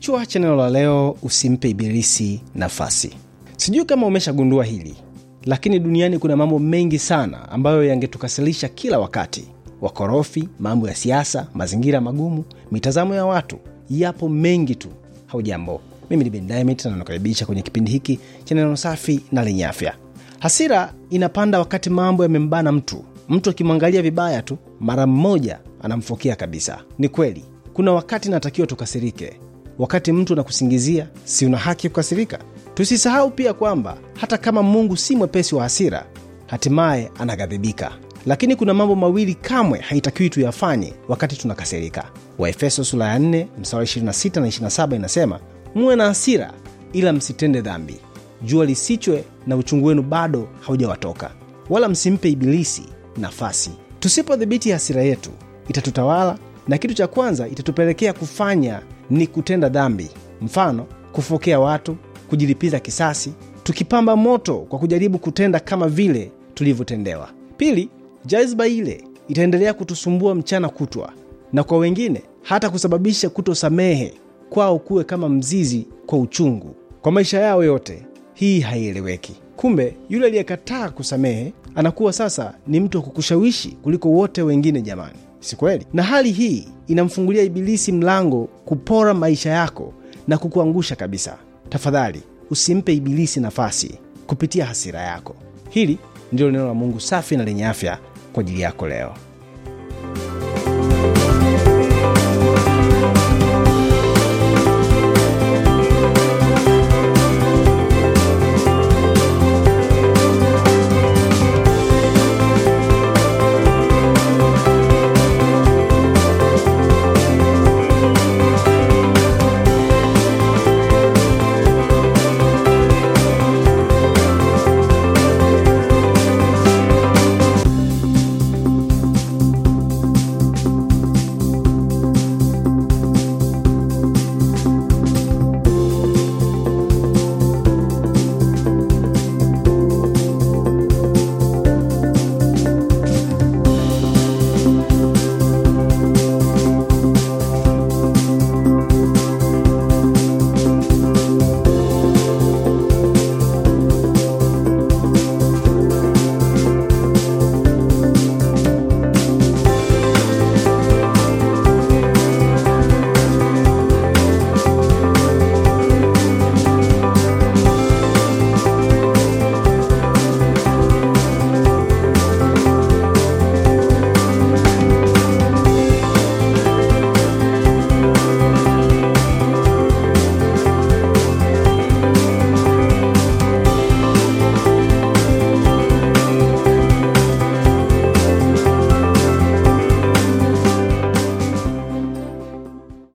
Kichwa cha neno la leo, usimpe Ibilisi nafasi. Sijui kama umeshagundua hili, lakini duniani kuna mambo mengi sana ambayo yangetukasirisha kila wakati: wakorofi, mambo ya siasa, mazingira magumu, mitazamo ya watu, yapo mengi tu. Haujambo, mimi ni bendamit na nakaribisha kwenye kipindi hiki cha neno safi na lenye afya. Hasira inapanda wakati mambo yamembana mtu. Mtu akimwangalia vibaya tu, mara mmoja anamfokea kabisa. Ni kweli kuna wakati natakiwa tukasirike, wakati mtu anakusingizia, si una haki ya kukasirika? Tusisahau pia kwamba hata kama Mungu si mwepesi wa hasira, hatimaye anaghadhibika. Lakini kuna mambo mawili kamwe haitakiwi tuyafanye wakati tunakasirika. Waefeso sura ya 4 mstari 26 na 27 inasema, muwe na hasira ila msitende dhambi, jua lisichwe na uchungu wenu bado haujawatoka, wala msimpe Ibilisi nafasi. Tusipodhibiti hasira yetu itatutawala, na kitu cha kwanza itatupelekea kufanya ni kutenda dhambi, mfano kufokea watu, kujilipiza kisasi, tukipamba moto kwa kujaribu kutenda kama vile tulivyotendewa. Pili, jazba ile itaendelea kutusumbua mchana kutwa, na kwa wengine hata kusababisha kutosamehe kwao kuwe kama mzizi kwa uchungu kwa maisha yao yote. Hii haieleweki. Kumbe yule aliyekataa kusamehe anakuwa sasa ni mtu wa kukushawishi kuliko wote wengine. Jamani, si kweli? Na hali hii inamfungulia Ibilisi mlango kupora maisha yako na kukuangusha kabisa. Tafadhali usimpe Ibilisi nafasi kupitia hasira yako. Hili ndilo neno la Mungu safi na lenye afya kwa ajili yako leo.